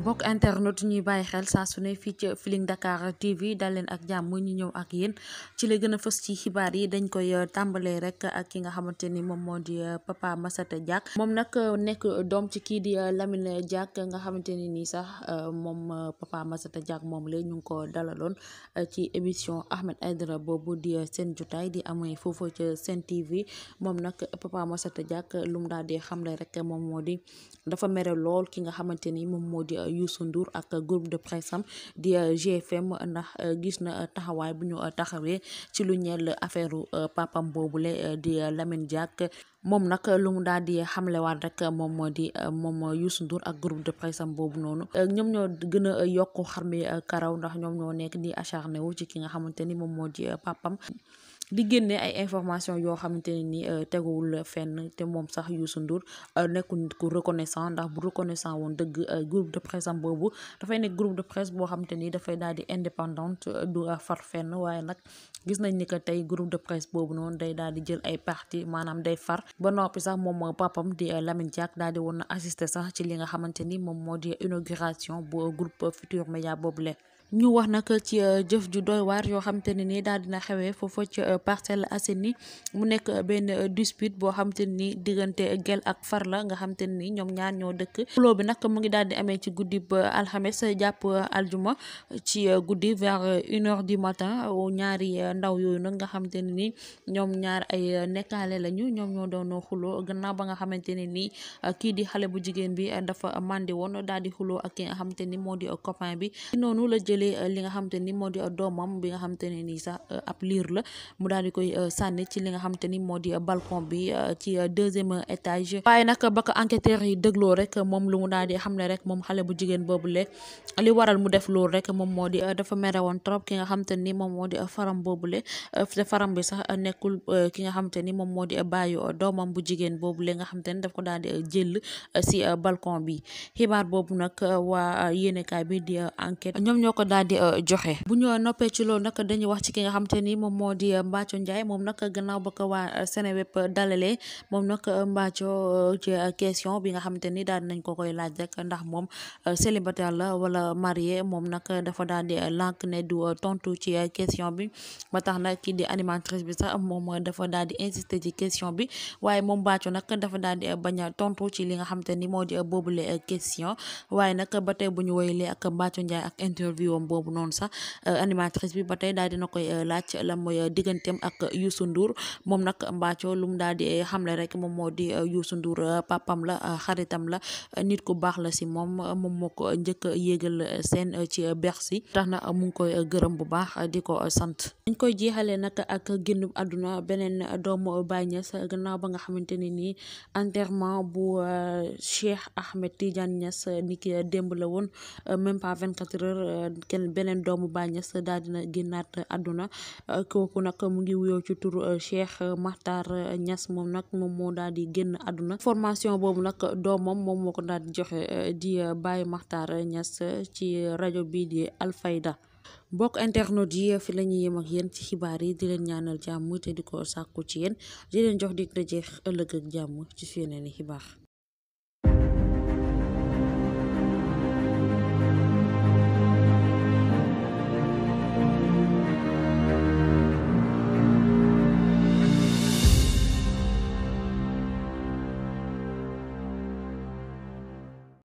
mbokk internet ñuy bàyyi xel saa su ne fii ci Feeling Dakar TV dal leen ak jàmm ñu ñëw ak yéen ci la gën a fës ci xibaar yi dañ koy euh, tàmbalee rek ak ki nga xamante ni moom moo di euh, Papa Massata Diack moom nag euh, nekk doom ci kii di Lamine Diack nga xamante ni nii sax moom Papa Massata Diack moom la ñu ngi ko dalaloon ci émission Ahmed Aidara boobu di seen jotaay di amee foofu ci seen TV moom nag Papa Massata Diack lu mu daal di xamle rek moom moo di dafa mere lool ki nga xamante ni moom moo di. Youssou nduur ak groupe de presse am di euh, GFM ndax euh, gis na euh, taxawaay bu ñu taxawee ci lu ñel affaire papam boobule di Lamine Diack moom nag lu mu daal di xamlewaan rek moom moo di moom Youssou Ndour ak groupe de presse am boobu noonu ñoom ñoo gën a yokk xarmi karaw ndax ñoom ñoo nekk di acharné ci ki nga xamante ni moom moo di papam li génne ay information yoo xamante ne ni euh, teguwul fenn te moom sax Youssou Ndour euh, nekku nit ku reconnaissant ndax bu reconnaissant woon dëgg euh, groupe de presse am boobu dafay ne groupe de presse boo xamante ni dafay daal di indépendante du far fenn waaye nag gis nañ ni que tey groupe de presse boobu noonu day daal di jël ay parti maanaam day far ba noppi sax moom papam di Lamine Diack daal di woon na assister sax ci li nga xamante ni moom moo di inauguration bu groupe Futurs Médias boobu le ñu wax nag ci euh, jëf ju doy waar yoo xamante ne nii daal dina xewee foofa ci euh, Parcelles Assainies mu nekk euh, benn dispute boo xamante ne nii diggante Guel ak Farla nga xamante ne nii ñoom ñaar dëkk xuloo bi nag mu ngi daal di amee ci guddi ba alxames jàpp aljuma ci guddi vers une heure du matin ñaari ndaw yooyu nag nga xamante ne nii ñoom ñaar ay nekkaale lañu ñoom ñoo doon xuloo gannaaw ba nga xamante ne nii kii di xale bu jigéen bi dafa màndi woon daal di xuloo ak ki nga xamante ni moo di copain bi noonu la jël jëlee euh, li nga xamante ni moo di euh, doomam bi nga xamante ne nii sax euh, ab liir la mu daal di koy sànni ci li nga xamante ni moo di balcon bi ci deuxième étage waaye nag ba ko yi dégloo rek moom lu mu daal di xamle rek moom xale bu jigéen boobu le li waral mu def loolu rek moom moo di dafa mere woon trop ki nga xamante ni moom moo di faram boobu le faram bi sax nekkul ki nga xamante ni moom moo di bàyyi doomam bu jigéen boobu le nga xam xamante ni daf ko daal di jël si balcon bi xibaar boobu nag waa yéenekaay bi di enquête daal di euh, joxe bu ñu noppee ci loolu nag dañuy wax ci ki nga xam te ni moom moo di euh, Mbathio Ndiaye moom nag gannaaw ba ko waa euh, Seneweb dalalee moom nag Mbathio ci question bi nga xam ni daal nañ ko koy laaj rek ndax moom célibataire la wala marié moom nag dafa daal di lànk ne du tontu ci question bi ba tax na kii di animatrice bi sax moom dafa daal di insister ci question bi waaye moom Mbathio nag dafa daal di tontu ci li nga xam te ni moo di boobule question waaye nag ba tey bu ñu woyalee ak Mbathio Ndiaye ak interview doom boobu noonu sax euh, animatrice bi ba tey daal dina koy euh, laaj lan mooy euh, digganteem ak Youssou nduur moom nag Mbathio lum mu daal di xamle rek moom moo di Youssou nduur papam la xaritam la nit ku baax la si moom moom moo ko njëkk a yéegal seen ci beex si tax na mu ngi koy gërëm bu baax di ko sant dañ koy jeexalee nag ak génn àdduna beneen doomu Baye Niass gannaaw ba nga xamante ne nii enterrement bu Cheikh Ahmed Tidiane Niass ni ki démb la woon même vingt-quatre heures kenn beneen doomu Baye Niass daal dina génnaat àdduna kooku nag mu ngi wuyoo ci tur euh, Cheikh maxtar ñas moom nag moom moo daal di génn àdduna formation boobu nag doomam moom moo ko daal di joxe euh, di euh, Baye Makhtar ñas ci rajo bii di Alfayda mbokk internet yi fi la ñuy yem ak yéen ci xibaar yi di leen ñaanal jàmm te di ko sàkku ci yéen di jox dig daje ëllëg ak jàmm ci yeneen i xibaar.